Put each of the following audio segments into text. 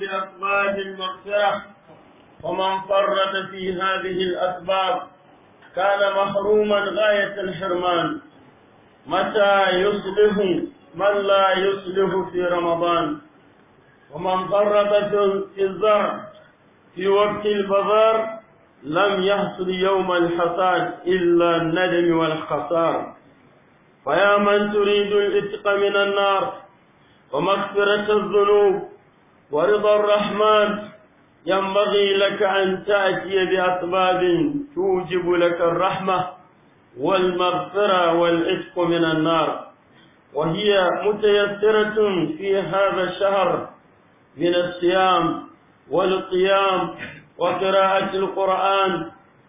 بأسباب المفتاح ومن فرط في هذه الأسباب كان محروما غاية الحرمان متى يصلح من لا يصلح في رمضان ومن فرط في الزرع في وقت البذار لم يحصل يوم الحصاد إلا الندم والخسار فيا من تريد الإتق من النار ومغفرة الذنوب ورضا الرحمن ينبغي لك أن تأتي بأسباب توجب لك الرحمة والمغفرة والإفق من النار وهي متيسرة في هذا الشهر من الصيام والقيام وقراءة القرآن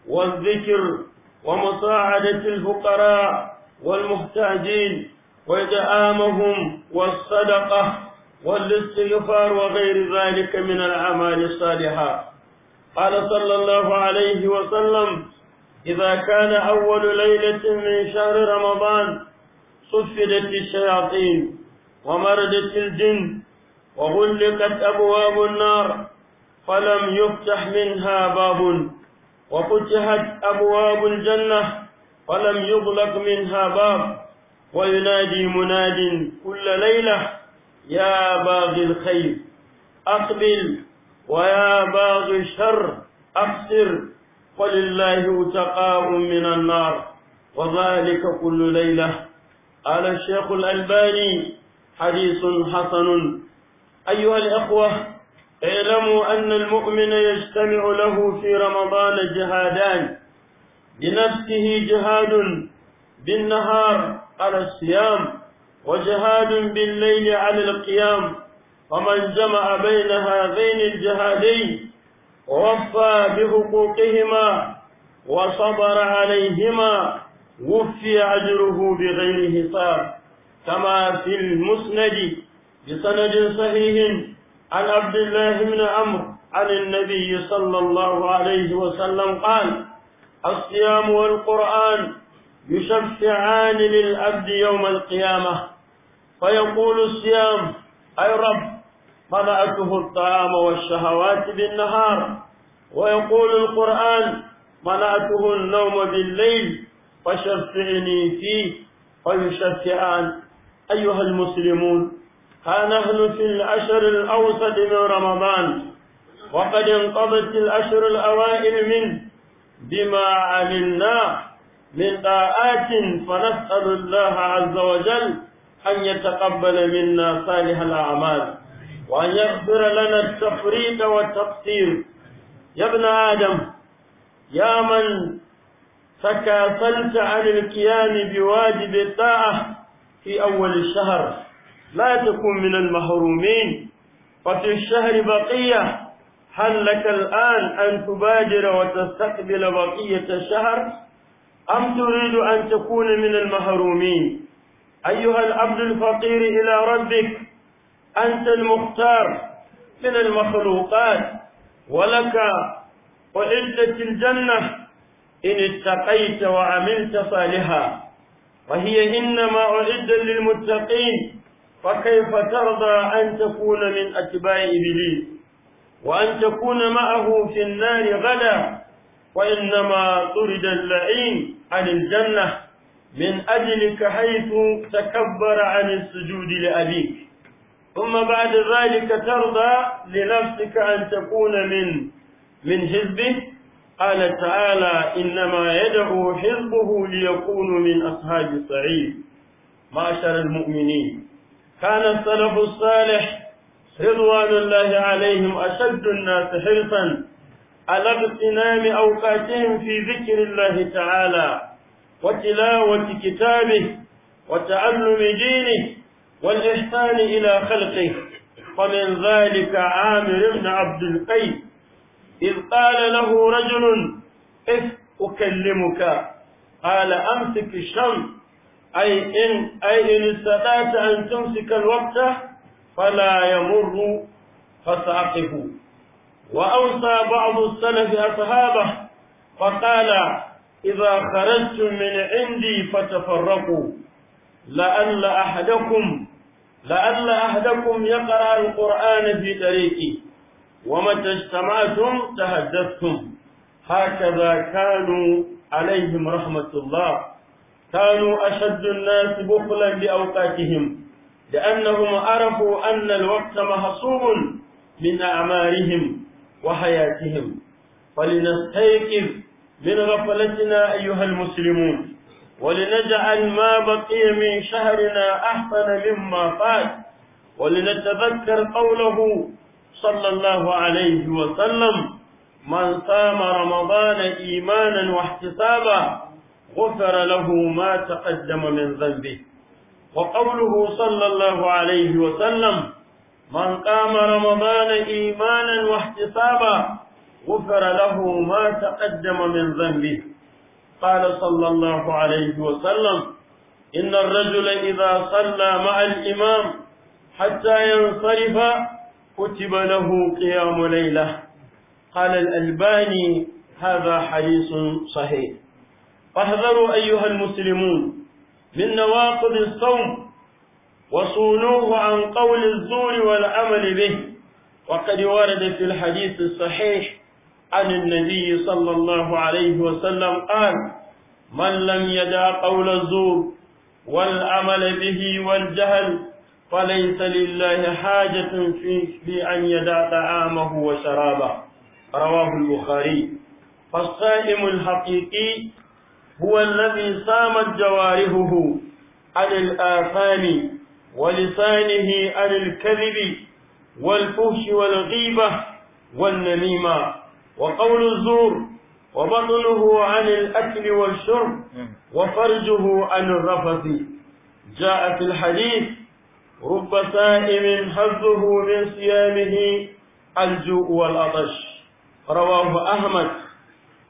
والذكر ومساعدة الفقراء والمحتاجين وإدعامهم والصدقة والاستغفار وغير ذلك من الأعمال الصالحة قال صلى الله عليه وسلم إذا كان أول ليلة من شهر رمضان صفدت الشياطين ومردت الجن وغلقت أبواب النار فلم يفتح منها باب وفتحت أبواب الجنة فلم يغلق منها باب وينادي مناد كل ليلة يا باغي الخير أقبل ويا باغي الشر أقصر ولله تقاء من النار وذلك كل ليلة قال الشيخ الألباني حديث حسن أيها الأخوة اعلموا أن المؤمن يجتمع له في رمضان جهادان بنفسه جهاد بالنهار على الصيام وجهاد بالليل على القيام فمن جمع بين هذين الجهادين ووفى بحقوقهما وصبر عليهما وفي أجره بغير حساب كما في المسند بسند صحيح عن عبد الله بن عمرو عن النبي صلى الله عليه وسلم قال الصيام والقرآن يشفعان للعبد يوم القيامة فيقول الصيام أي رب منعته الطعام والشهوات بالنهار ويقول القرآن منعته النوم بالليل فشفعني فيه فيشفعان أيها المسلمون ها نحن في العشر الأوسط من رمضان وقد انقضت الأشهر الأوائل منه بما عملنا من طاعات فنسأل الله عز وجل أن يتقبل منا صالح الأعمال وأن يغفر لنا التفريط والتقصير يا ابن آدم يا من تكاسلت عن القيام بواجب الطاعة في أول الشهر لا تكن من المحرومين وفي الشهر بقية هل لك الآن أن تبادر وتستقبل بقية الشهر أم تريد أن تكون من المحرومين أيها العبد الفقير إلى ربك أنت المختار من المخلوقات ولك أعدت الجنة إن اتقيت وعملت صالحا وهي إنما أعد للمتقين فكيف ترضى أن تكون من أتباع إبليس وأن تكون معه في النار غدا وإنما طرد اللعين عن الجنة من أجلك حيث تكبر عن السجود لأبيك ثم بعد ذلك ترضى لنفسك أن تكون من من حزبه قال تعالى إنما يدعو حزبه ليكونوا من أصحاب صعيد معشر المؤمنين كان السلف الصالح رضوان الله عليهم أشد الناس حرصا على اغتنام أوقاتهم في ذكر الله تعالى وتلاوة كتابه وتعلم دينه والإحسان إلى خلقه فمن ذلك عامر بن عبد القيس إذ قال له رجل إذ أكلمك قال أمسك الشمس أي إن, أي إن استطعت أن تمسك الوقت فلا يمر فصعقه وأوصى بعض السلف أصحابه فقال إذا خرجت من عندي فتفرقوا لأن أحدكم لأن أحدكم يقرأ القرآن في طريقي ومتى اجتمعتم تحدثتم هكذا كانوا عليهم رحمة الله كانوا أشد الناس بخلا لأوقاتهم لأنهم عرفوا أن الوقت محصوب من أعمارهم وحياتهم فلنستيقظ من غفلتنا أيها المسلمون ولنجعل ما بقي من شهرنا أحسن مما فات ولنتذكر قوله صلى الله عليه وسلم من صام رمضان إيمانا واحتسابا غفر له ما تقدم من ذنبه وقوله صلى الله عليه وسلم من قام رمضان إيمانا واحتسابا غفر له ما تقدم من ذنبه قال صلى الله عليه وسلم إن الرجل إذا صلى مع الإمام حتى ينصرف كتب له قيام ليلة قال الألباني هذا حديث صحيح فاحذروا أيها المسلمون من نواقض الصوم وصونوه عن قول الزور والعمل به وقد ورد في الحديث الصحيح عن النبي صلى الله عليه وسلم قال من لم يدع قول الزور والعمل به والجهل فليس لله حاجة في, في أن يدع طعامه وشرابه رواه البخاري فالصائم الحقيقي هو الذي صامت جوارحه عن الآثام ولسانه عن الكذب والفحش والغيبة والنميمة وقول الزور وبطنه عن الأكل والشرب وفرجه عن الرفث جاء في الحديث رب سائم حظه من صيامه الجوء والعطش رواه أحمد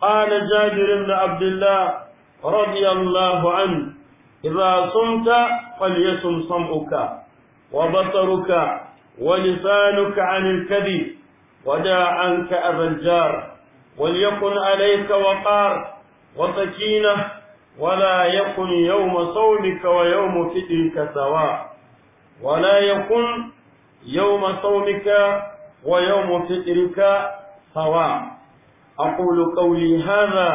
قال جابر بن عبد الله رضي الله عنه إذا صمت فليصم صمعك وبصرك ولسانك عن الكذب ودع عنك أبا الجار وليكن عليك وقار وسكينة ولا يكن يوم صومك ويوم فطرك سواء ولا يكن يوم صومك ويوم فطرك سواء أقول قولي هذا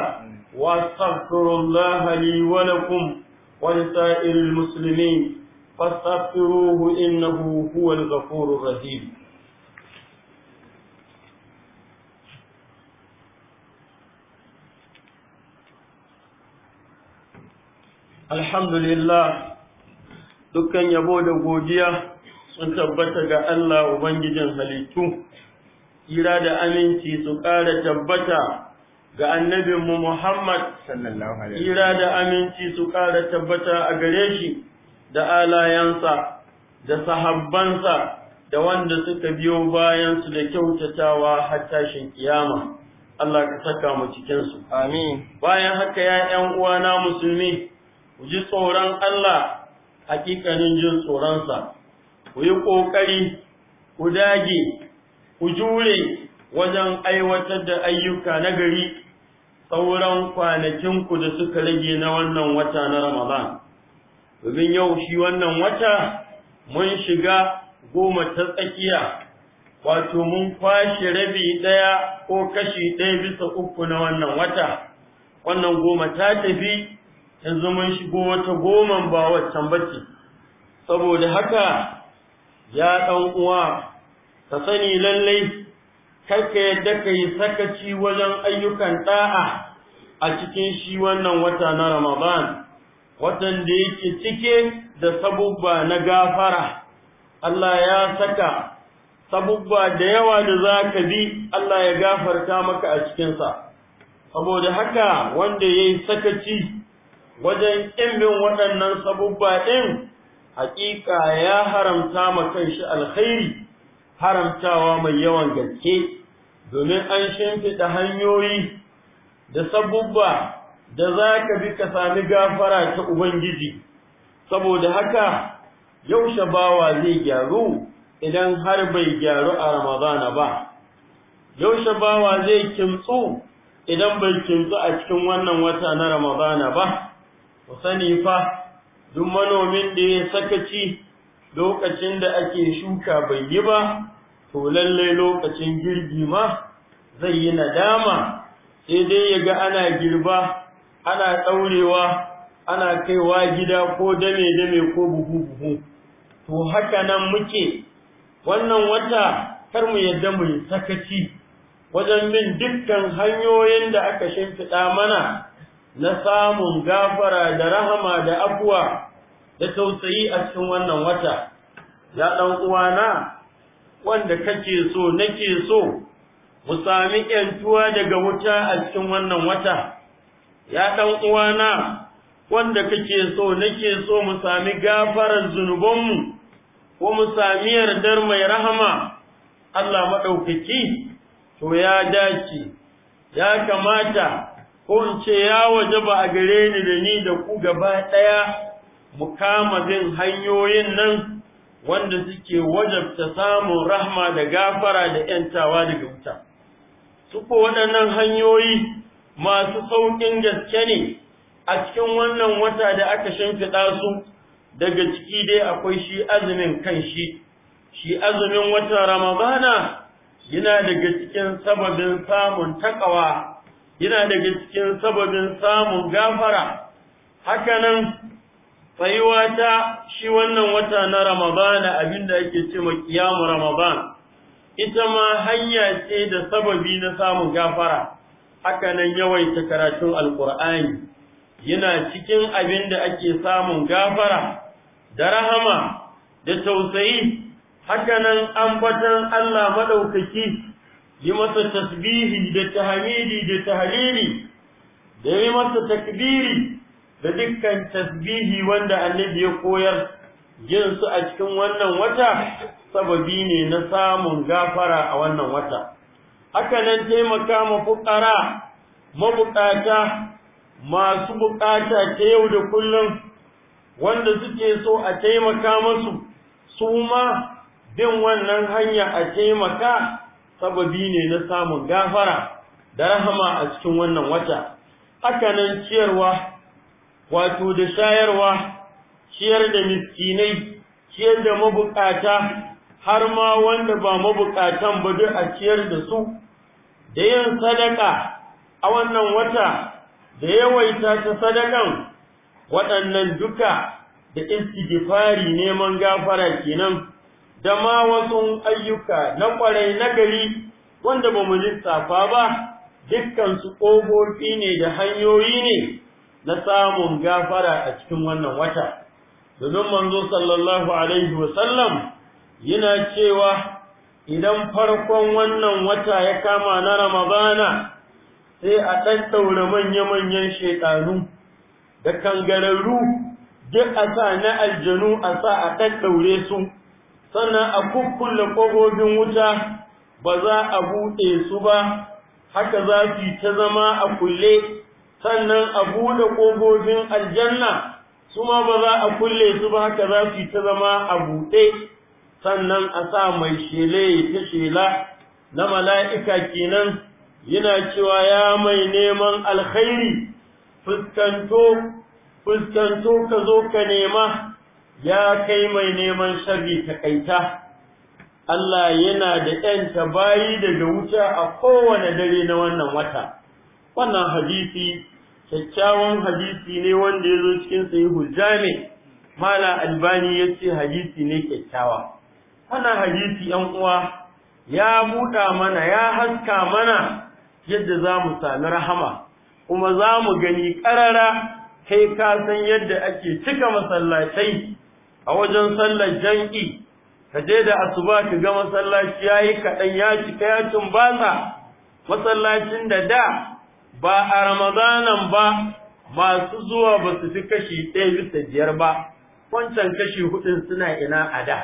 وأستغفر الله لي ولكم ولسائر المسلمين فاستغفروه إنه هو الغفور الرحيم alhamdulillah dukkan yabo da godiya sun tabbata ga Allah ubangijin halittu Ira da aminci su ƙara tabbata ga annabinmu Muhammad Ira da aminci su ƙara tabbata a gare shi da alayansa da sahabbansa da wanda suka biyo bayansu da kyautatawa har tashin kiyama Allah ka saka mu cikinsu amin bayan haka ya ƴan uwana musulmi ku ji tsoron Allah hakikanin jin tsoronsa ku yi ƙoƙari ku dage ku jure wajen aiwatar da ayyuka na gari sauran ku da suka rage na wannan wata na Ramadan domin yau shi wannan wata mun shiga goma ta tsakiya wato mun kwashe rabi ɗaya ko kashi ɗaya bisa uku na wannan wata wannan goma ta tafi yanzu mun shigo wata goma ba waccan bace saboda haka ya ɗan uwa ka sani lallai karka yadda ka yi sakaci wajen ayyukan ɗa'a a cikin shi wannan wata na Ramadan watan da yake cike da sabubba na gafara Allah ya saka sabubba da yawa da za ka bi Allah ya gafarta maka a cikinsa saboda haka wanda ya yi sakaci wajen ƙimbin waɗannan sabubba ɗin haƙiƙa ya haramta ma shi alkhairi haramtawa mai yawan gaske domin an shimfiɗa hanyoyi da sabubba da za ka bi ka sami gafara ta Ubangiji, saboda haka yaushe bawa zai gyaru idan har bai gyaru a Ramadana ba, yaushe bawa zai kimtsu idan bai kimtsu a cikin wannan wata na Ramadana ba. ku sani fa duk manomin da ya sakaci lokacin da ake shuka bai yi ba to lallai lokacin girbi ma zai yi nadama sai dai ya ga ana girba ana ɗaurewa ana kaiwa gida ko dame-dame ko buhu-buhu to haka nan muke wannan wata kar mu yadda mu yi sakaci wajen bin dukkan hanyoyin da aka shimfiɗa mana na samun gafara da rahama da afuwa da tausayi a cikin wannan wata ya ɗan uwana wanda kake so nake so mu sami ƴantuwa daga wuta a cikin wannan wata ya ɗan uwana wanda kake so nake so mu sami gafarar zunubanmu ko mu sami yardar mai rahama Allah maɗaukaki to ya dace ya kamata ko in ce ya waje ba a gare ni da ni da ku gaba ɗaya mu kama bin hanyoyin nan wanda suke wajabta samun rahma da gafara da ‘yantawa daga wuta. Suko waɗannan hanyoyi masu sauƙin gaske ne a cikin wannan wata da aka shimfiɗa su daga ciki dai akwai shi azumin kan shi, shi azumin watan Ramadana yana daga cikin sababin samun takawa yana daga cikin sababin samun gafara hakanan tsayuwa ta shi wannan wata na ramadana abinda ake ce ma kiyamu ramadan ita ma hanya ce da sababi na samun gafara hakanan yawaita karatun alkur'ani yana cikin abin da ake samun gafara da rahama da tausayi hakanan ambatan Allah madaukaki yi masa tasbihi da tahmidi da tahlili da yi masa takbiri da dukkan tasbihi wanda annabi ya koyar yin su a cikin wannan wata sababi ne na samun gafara a wannan wata haka nan taimaka ma fuqara mabuƙata masu buƙata ta yau da kullum wanda suke so a taimaka musu su ma bin wannan hanya a taimaka sababi ne na samun gafara da rahama a cikin wannan wata haka nan ciyarwa wato da shayarwa ciyar da miskinai ciyar da mabukata har ma wanda ba mabukatan ba duk a ciyar da su da yin sadaka a wannan wata da yawaita ta sadakan waɗannan duka da istighfari neman gafara kenan da ma wasu ayyuka na ƙwarai na gari wanda ba mu lissafa ba dukkansu ƙofofi ne da hanyoyi ne na samun gafara a cikin wannan wata domin manzo sallallahu alaihi sallam yana cewa idan farkon wannan wata ya kama na ramadana sai a ɗaɗɗaura manya-manyan shekaru da kangararru duk a sa na aljanu a sa a ɗaɗɗaure su sannan a kukkulle ƙofofin wuta ba za a buɗe su ba haka za su ta zama a kulle sannan a buɗe ƙofofin aljanna su ma ba za a kulle su ba haka za su ta zama a buɗe sannan a sa mai shele ta shela na mala'ika kenan yana cewa ya mai neman alkhairi fuskanto ka zo ka nema ya kai mai neman sharri taƙaita. kaita Allah yana da ‘yanta bayi daga wuta a kowane dare na wannan wata wannan hadisi kyakkyawan hadisi ne wanda ya zo cikin sai hujjani mala albani ya ce hadisi ne kyakkyawa wannan hadisi ‘yan uwa ya buɗa mana ya haska mana yadda za mu sami rahama kuma za mu gani ƙarara kai ka san yadda ake cika masallatai a wajen sallar jan'i ka je da asuba ka ga masallaci yayi kaɗan ya cika ya tumbasa masallacin da da ba a ramadanan ba masu zuwa ba su fi kashi ɗaya bisa biyar ba wancan kashi hudun suna ina a da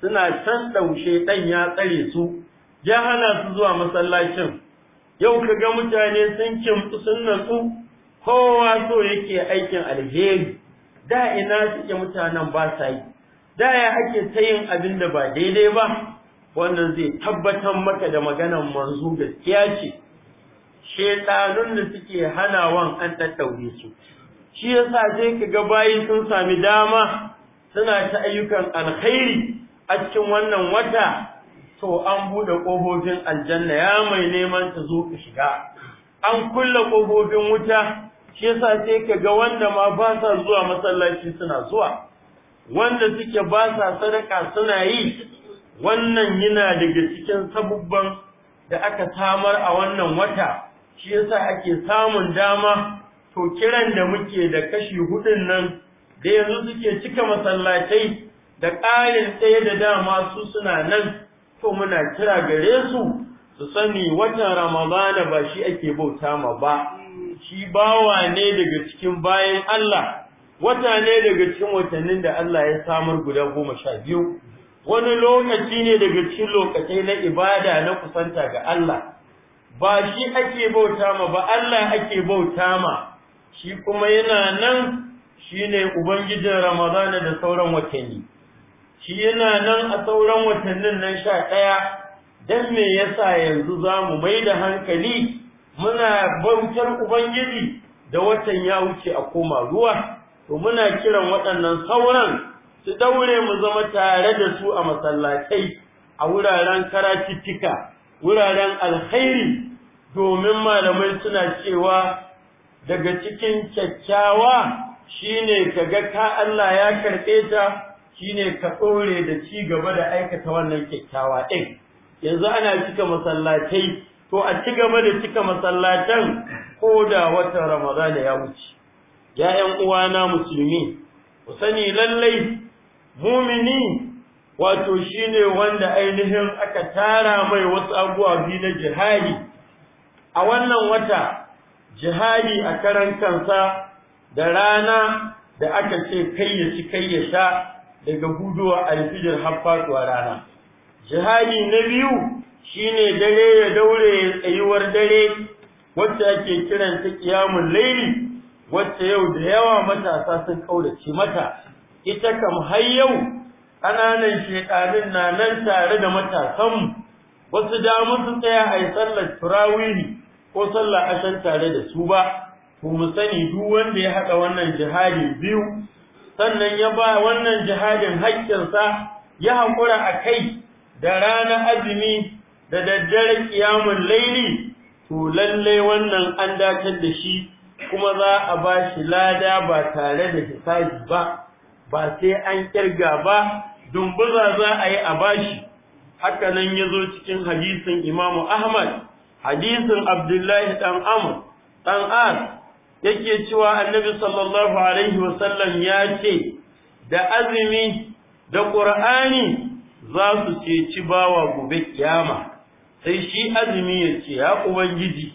suna can daushe ɗan ya tsare su ya hana su zuwa masallacin yau ka ga mutane sun kimtsu sun natsu kowa so yake aikin alheri da ina suke mutanen ba sa yi da ya ake ta yin abin da ba daidai ba wannan zai tabbatar maka da maganan manzo gaskiya ce shetanun da suke hana hanawan an tattaure su shi yasa sai ka ga bayi sun sami dama suna ta ayyukan alkhairi a cikin wannan wata to an bude kofofin aljanna ya mai neman ta zo ka shiga an kulle kofofin wuta shi yasa sai ka ga wanda ma ba sa zuwa masallaci suna zuwa wanda suke ba sa sadaka suna yi wannan yana daga cikin sabubban da aka samar a wannan wata shi yasa ake samun dama to kiran da muke da kashi hudun nan da yanzu suke cika masallatai da ƙarin tsaye da dama su suna nan to muna kira gare su su sani watan ramadana ba shi ake bauta ma ba shi bawa ne daga cikin bayan Allah wata ne daga cikin watannin da Allah ya samar guda goma sha biyu wani lokaci ne daga cikin lokacin na ibada na kusanta ga Allah ba shi ake bauta ma ba Allah ake bauta ma shi kuma yana nan shine ubangijin Ramadana da sauran watanni shi yana nan a sauran watannin nan sha ɗaya don me yasa yanzu za mu mai da hankali muna bautar ubangiji da watan ya wuce a koma ruwa to muna kiran waɗannan sauran su daure mu zama tare da su a masallatai a wuraren karatuttuka wuraren alkhairi domin malamai suna cewa daga cikin kyakkyawa shine kaga ka Allah ya karɓe ta shine ka ɗore da ci gaba da aikata wannan kyakkyawa ɗin yanzu ana cika masallatai to a ci gaba da cika masallatan ko da watan ramadana ya wuce ya ƴan uwana musulmi ku sani lallai mumini wato shine wanda ainihin aka tara mai wasu abubuwa biyu na jihadi a wannan wata jihadi a karan kansa da rana da aka ce kai ya ci kai ya sha daga guduwa alfijir har fatuwa rana jihadi na biyu shine dare ya daure tsayuwar dare wacce ake kiran ta kiyamun laili wacce yau da yawa matasa sun kaurace mata ita kam har yau ƙananan shekarun na nan tare da matasanmu wasu da musu tsaya a yi sallar turawihi ko sallar ashan tare da su ba ku mu sani duk wanda ya haɗa wannan jihadi biyu sannan ya ba wannan jihadin haƙƙinsa ya haƙura a kai da ranar azumi da daddaren kiyamun laili to lalle wannan an dace da shi kuma za a ba shi lada ba tare da hisabi ba ba sai an kirga ba dumbuza za a yi a bashi haka nan ya zo cikin hadisin imamu ahmad hadisin abdullahi dan amr dan as yake cewa annabi sallallahu alaihi wasallam ya ce da azumi da ƙur'ani za su ceci bawa gobe kiyama sai shi azumi ya ce ya ubangiji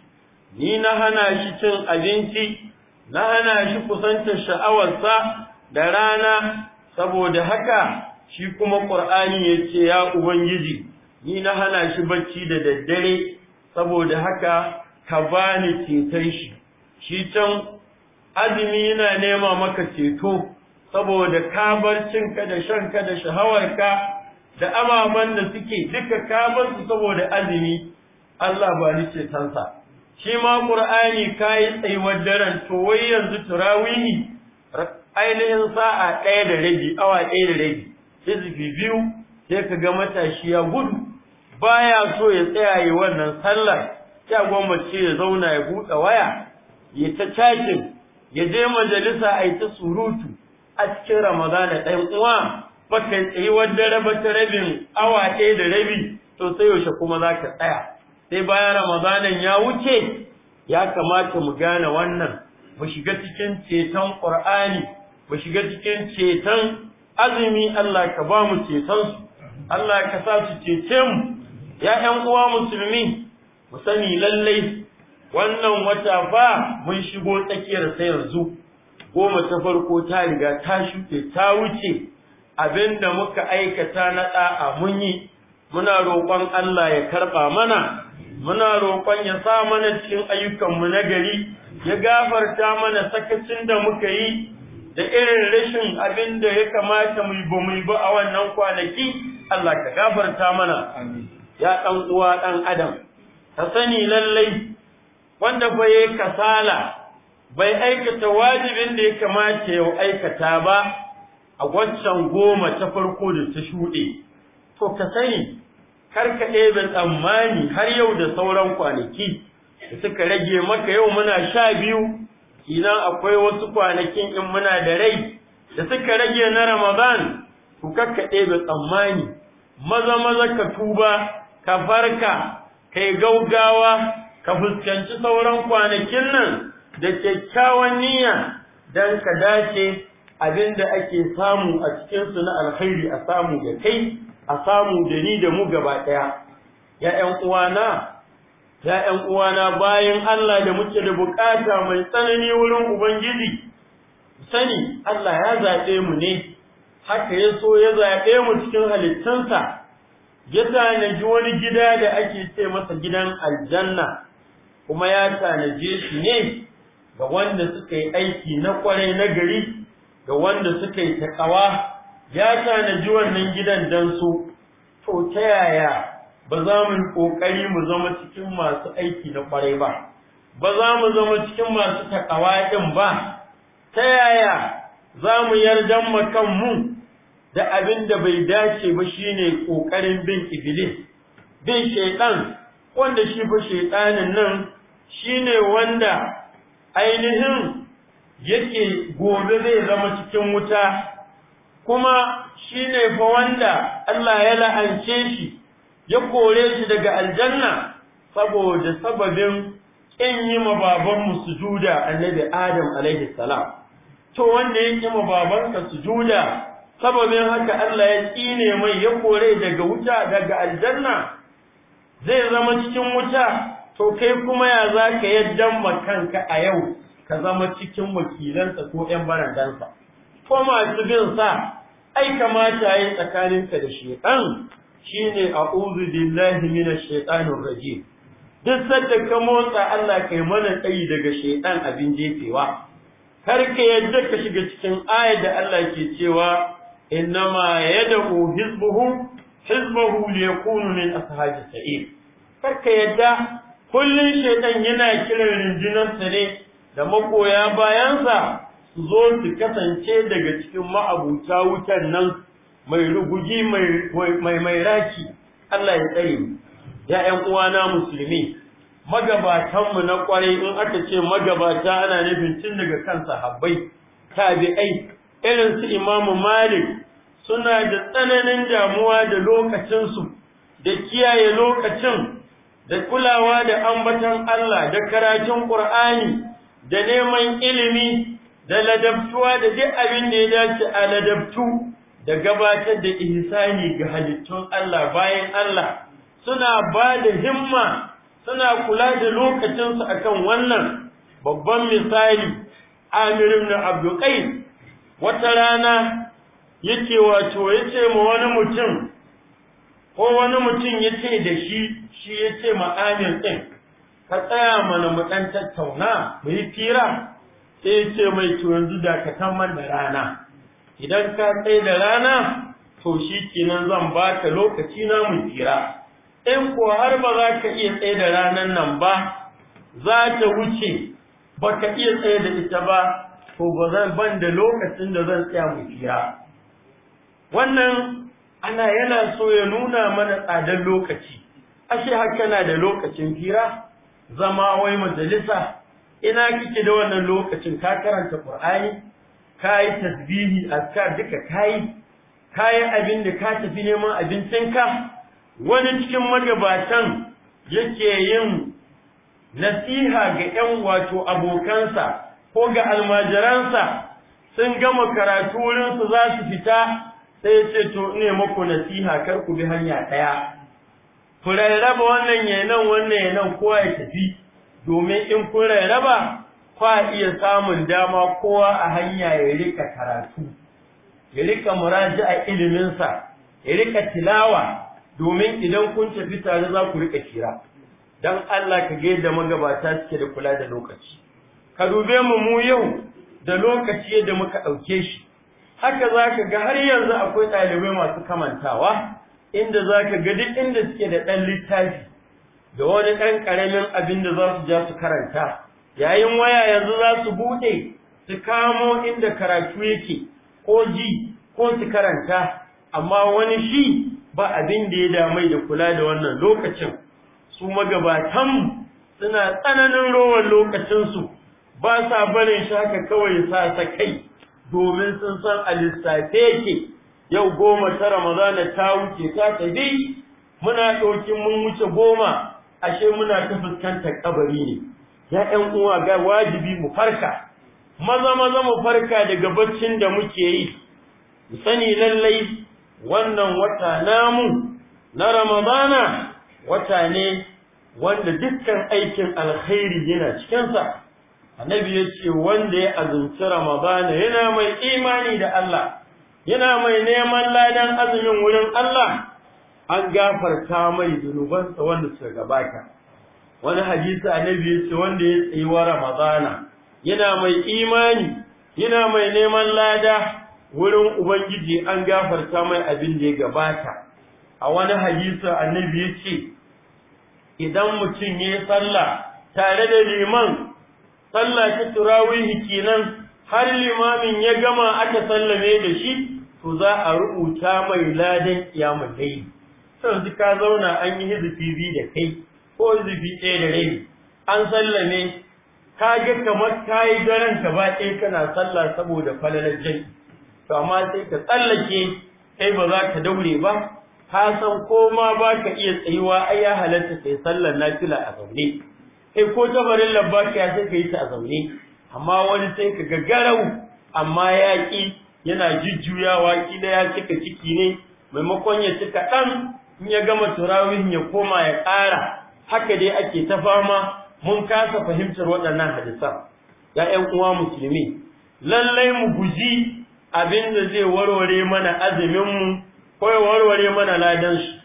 ni na hana shi cin abinci na hana shi kusantar sha'awarsa da rana saboda haka shi kuma ƙur'ani ya ce ya ubangiji ni na hana shi bacci da daddare saboda haka ka bani ceton shi shi can azumi yana nema maka ceto saboda ka bar cinka da shanka da shahawarka da amaman da suke duka kamar su saboda azumi Allah ba ni ce tansa shi ma Qur'ani kai tsayuwar daren to wai yanzu turawihi ainihin sa'a ɗaya da rabi awa ɗaya da rabi hizbi biyu sai ka ga matashi ya gudu baya so ya tsaya yi wannan sallar ya gwammace ya zauna ya buɗe waya ya ta cakin ya je majalisa a yi ta surutu a cikin ramadana ɗan uwa baka tsayi wadda raba ta rabin awa ɗaya da rabi to sai yaushe kuma za ka tsaya sai bayan nan ya wuce ya kamata mu gane wannan mu shiga cikin ceton ƙur'ani mu shiga cikin ceton azumi Allah ka ba mu ceton su Allah ka sa su cece mu ya ƴan uwa musulmi mu sani lallai wannan wata ba mun shigo tsakiyar sai yanzu goma ta farko ta riga ta shuke ta wuce Abin da muka aikata na da'a mun yi muna roƙon Allah ya karɓa mana muna roƙon ya sa mana cikin ayyukanmu na gari ya gafarta mana sakacin da muka yi da irin rashin abin da ya kamata mu ba mu ba a wannan kwanaki Allah ka gafarta mana ya ɗan uwa ɗan adam ka sani lallai wanda fa yayi kasala bai aikata wajibin da ya kamata ya aikata ba a waccan goma ta farko da ta shuɗe to ka sani kar ka ɗebe tsammani har yau da sauran kwanaki da suka rage maka yau muna sha biyu idan akwai wasu kwanakin in muna da rai da suka rage na Ramadan to karka ɗebe tsammani maza maza ka tuba ka farka kai gaugawa ka fuskanci sauran kwanakin nan da kyakkyawan niyya don ka dace abin da ake samu a cikinsu na alkhairi a samu da kai a samu da ni da mu gaba ɗaya ya 'yan uwana ya uwana bayan Allah da muke da bukata mai tsanani wurin ubangiji sani Allah ya zaɓe mu ne haka ya so ya zaɓe mu cikin halittunsa ya tanaji wani gida da ake ce masa gidan aljanna kuma ya tanaje shi ne ga wanda suka yi aiki na kwarai na gari Da wanda suka yi ta ƙawa ya tanaji wannan gidan don su to ta yaya ba za mu ƙoƙari mu zama cikin masu aiki na ƙwarai ba ba za mu zama cikin masu taƙawa ɗin ba ta yaya za mu yarda mu kanmu da abin da bai dace ba shine ƙoƙarin bin iblis bin shaiɗan wanda shi fa shaiɗanin nan shine wanda ainihin yake gobe zai zama cikin wuta kuma shine fa wanda Allah ya la'ance shi ya kore shi daga aljanna saboda sababin kin yi ma baban sujuda annabi Adam alaihi salam to wanda ya ki ma babanka sujuda sababin haka Allah ya tsine mai ya kore daga wuta daga aljanna zai zama cikin wuta to kai kuma ya zaka yaddan kanka a yau ka zama cikin wakilansa ko ‘yan barandansa, ko masu bin sa, ai kamata yi tsakaninka da shekan shi ne a uzu billahi mina shekanin Duk sadda ka motsa Allah kai mana tsayi daga shekan abin jefewa, har ka yadda ka shiga cikin ayar da Allah ke cewa da yad'u hizbuhu hizbuhu liyakunu min ashabi sa'id kar ka yadda kullun shaytan yana kiran rindunarsa ne da makoya bayansa su zo su kasance daga cikin ma'abuta wutan nan mai rugugi mai mai raki Allah ya tsare mu ya ƴan uwana musulmi magabatanmu na kwarai in aka ce magabata ana nufin tun daga kan sahabbai tabi'ai irin su Imam Malik suna da tsananin damuwa da lokacinsu da kiyaye lokacin da kulawa da ambatan Allah da karatun Qur'ani da neman ilimi da ladabtuwa da duk abin da ya dace a ladabtu da gabatar da ihsani ga halittun Allah bayan Allah suna ba da himma suna kula da lokacinsu akan wannan babban misali Amir ibn Abdul Qais wata rana yace wato yace ma wani mutum ko wani mutum yace da shi shi yace ma Amir din ka tsaya mana mu ɗan tattauna mu yi fira sai ce mai to yanzu dakatan man da rana idan ka tsaye da rana to shi kenan zan ba ka lokaci na mu fira in ko har ba za ka iya tsaye da ranan nan ba za ta wuce ba ka iya tsaye da ita ba to ba zan ban da lokacin da zan tsaya mu fira wannan ana yana so ya nuna mana tsadan lokaci ashe har kana da lokacin fira zama wai majalisa ina kike da wannan lokacin ka karanta Qur'ani kai tasbihi azkar duka kai kai abin da ka tafi neman abincin ka? wani cikin magabatan yake yin nasiha ga 'yan wato abokansa ko ga almajiransa sun gama karatu wurinsu za su fita sai ya ce to ina muku nasiha kar ku bi hanya ɗaya ku rarraba wannan ya nan wannan ya nan kowa ya tafi domin in kun rarraba kwa iya samun dama kowa a hanya ya rika karatu ya rika muraji a iliminsa ya rika tilawa domin idan kun tafi tare za ku rika kira dan Allah ka ga yadda magabata suke da kula da lokaci ka dube mu mu yau da lokaci yadda muka ɗauke shi haka za ka ga har yanzu akwai ɗalibai masu kamantawa inda za ka ga duk inda suke da ɗan littafi da wani ɗan ƙaramin abin da za su ja su karanta yayin waya yanzu za su buɗe su kamo inda karatu yake ko ji ko su karanta amma wani shi ba abin da ya damai da kula da wannan lokacin su magabatan suna tsananin rowan lokacinsu ba sa barin shaka kawai sa sa kai domin sun san a lissafe yake yau goma ta Ramadana ta wuce ta tafi muna ɗaukin mun wuce goma ashe muna ta fuskantar kabari ne ya 'yan uwa ga wajibi mu farka maza maza mu farka daga baccin da muke yi sani lallai wannan wata namu na Ramadana wata ne wanda dukkan aikin alkhairi yana cikinsa annabi ya ce wanda ya azumci Ramadana yana mai imani da Allah yana mai neman ladan azumin wurin Allah an gafarta mai zunubansa wanda suka gabata wani hadisi annabi ya ce wanda ya tsayi wa ramadana yana mai imani yana mai neman lada wurin ubangiji an gafarta mai abin da ya gabata a wani hadisi annabi ya ce idan mutum ya yi sallah tare da liman sallah ta turawihi kenan har limamin ya gama aka sallame da shi to za a rubuta mai ladan kiyamun dai sai ka zauna an yi hizifi biyu da kai ko hizifi ɗaya da rai an sallame ka ga kamar ka yi daren ka ba ɗaya kana salla saboda falalar jai to amma sai ka tsallake kai ba za ka daure ba ka san ko ma ba ka iya tsayuwa ai ya halatta kai sallar nafila a zaune kai ko tabarin labba ka sai ka yi ta a zaune amma wani sai ka gagarau, amma yaƙi. yana jujjuyawa kila ya cika ciki ne maimakon ya cika ɗan in ya gama turawihin ya koma ya ƙara haka dai ake ta fama mun kasa fahimtar waɗannan hadisa ya ƴan uwa musulmi lallai mu guji abin da zai warware mana azumin mu ko ya warware mana ladan shi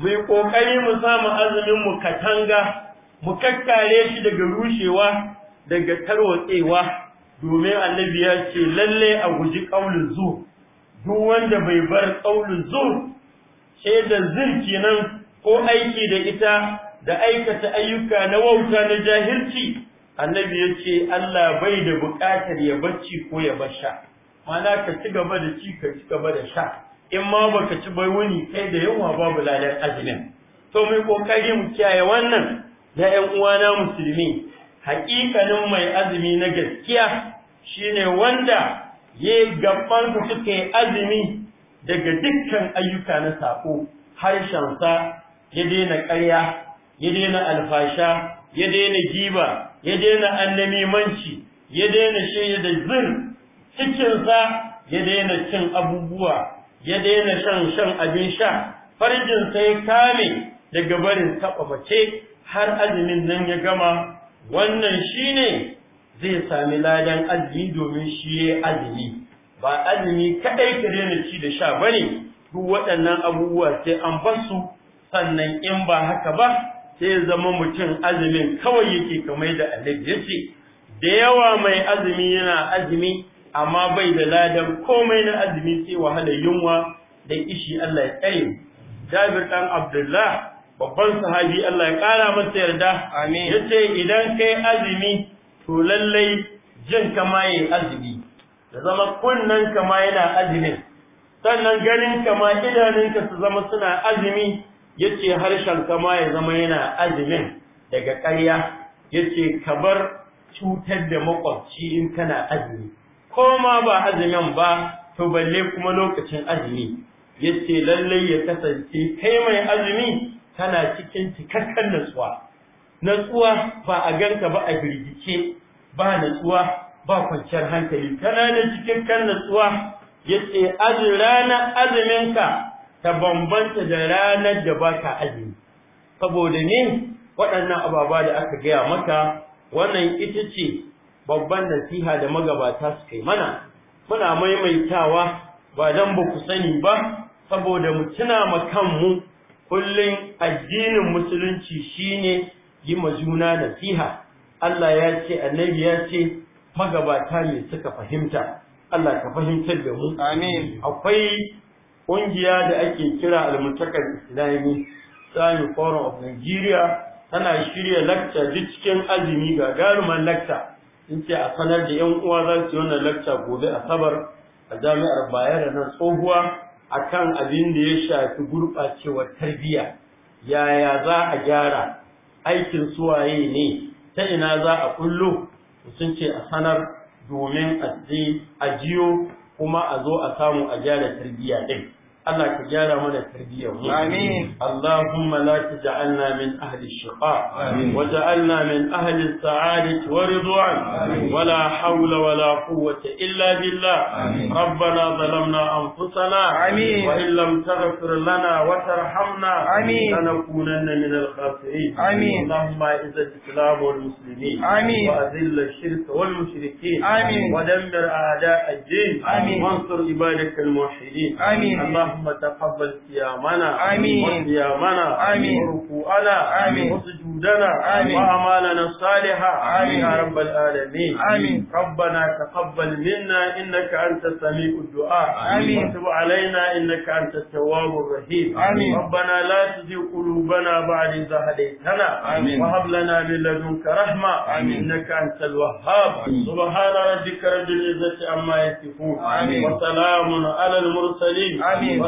mu yi kokari mu samu azumin mu katanga mu kakkare shi daga rushewa daga tarwatsewa domin annabi ya ce lalle a guji ƙaunin zu duk wanda bai bar kaulin zu da zir nan ko aiki da ita da aikata ayyuka na wauta na jahilci annabi ya ce Allah bai da buƙatar ya bacci ko ya sha, mana ka ci gaba da ci ka ci gaba da sha in ma baka ci bai wuni kai da yawa babu ladan azumin to mai kokari mu kiyaye wannan da ƴan uwana musulmi haƙiƙanin mai azumi na gaskiya shine wanda ya gabansa suka yi azumi daga dukkan ayyuka na sako harshensa ya daina ƙarya ya daina alfasha ya daina giba ya daina annamimanci ya daina shirya da zin cikinsa ya daina cin abubuwa ya daina shan shan abin sha farjinsa ya kame daga barin taɓa mace har azumin nan ya gama wannan shi ne zai sami ladan azumi domin shi ya azumi ba azumi kaɗai ka daina ci da sha ba ne, duk waɗannan abubuwa sai an basu, sannan in ba haka ba sai zama mutum azumin kawai yake kamar da ya ce, da yawa mai azumi yana azumi amma bai da ladan komai na azumi sai wahala yunwa da ishi Allah ya tsare Jabir dan Abdullah babban sahabi Allah ya ƙara masa yarda Amin. yace idan kai azumi to lallai jin kama yin azumi da zama kunnan kama yana azumin sannan ganin kama idanunka su zama suna azumi yace harshen kama ya zama yana azumin daga ƙarya yace kabar cutar da makwabci in kana azumi ko ma ba azumin ba to balle kuma lokacin azumi yace lallai ya kasance kai mai azumi kana cikin cikakken natsuwa natsuwa ba a ganka ba a birgice ba natsuwa ba kwanciyar hankali kana da cikin kan natsuwa yace azrana azuminka ta bambanta da ranar da baka azumi saboda ne waɗannan ababa da aka gaya maka wannan ita ce babban nasiha da magabata su kai mana muna maimaitawa ba dan ba ku sani ba saboda mu tuna ma kanmu kullum addinin musulunci shine yi ma juna nasiha Allah ya ce annabi ya ce magabata ne suka fahimta Allah ka fahimtar da mu amin akwai ƙungiya da ake kira almuntakar islami sami Forum of Nigeria tana shirya lakta duk cikin azumi ga garuman lakta in ce a sanar da yan uwa za su yi wannan lakta gobe asabar a jami'ar bayar da tsohuwa akan abin da ya shafi gurɓacewar tarbiyya yaya za a gyara aikin suwaye ne ta ina za a kullu sun ce a sanar domin a jiyo kuma a zo a samu a gyara tarbiyya ɗin Allah ka gyara mana tarbiyyar mu amin Allahumma la taj'alna min ahli shiqa amin wa ja'alna min ahli sa'adat wa ridwan amin Wala la hawla wa la illa billah amin rabbana zalamna anfusana amin wa in lam taghfir lana wa tarhamna amin lanakunanna min al khasirin amin Allahumma izzil islam wal muslimin amin wa azil al shirk amin wa a'da' ad-din amin wa ansur ibadak al muwahhidin amin اللهم تقبل صيامنا آمين وصيامنا آمين وركوعنا آمين وسجودنا آمين وأعمالنا الصالحة آمين يا رب العالمين آمين ربنا تقبل منا إنك أنت سميع الدعاء آمين وتب علينا إنك أنت التواب الرحيم آمين ربنا لا تزغ قلوبنا بعد إذ هديتنا آمين وهب لنا من لدنك رحمة آمين إنك أنت الوهاب سبحان ربك رب العزة عما يصفون وسلام على المرسلين آمين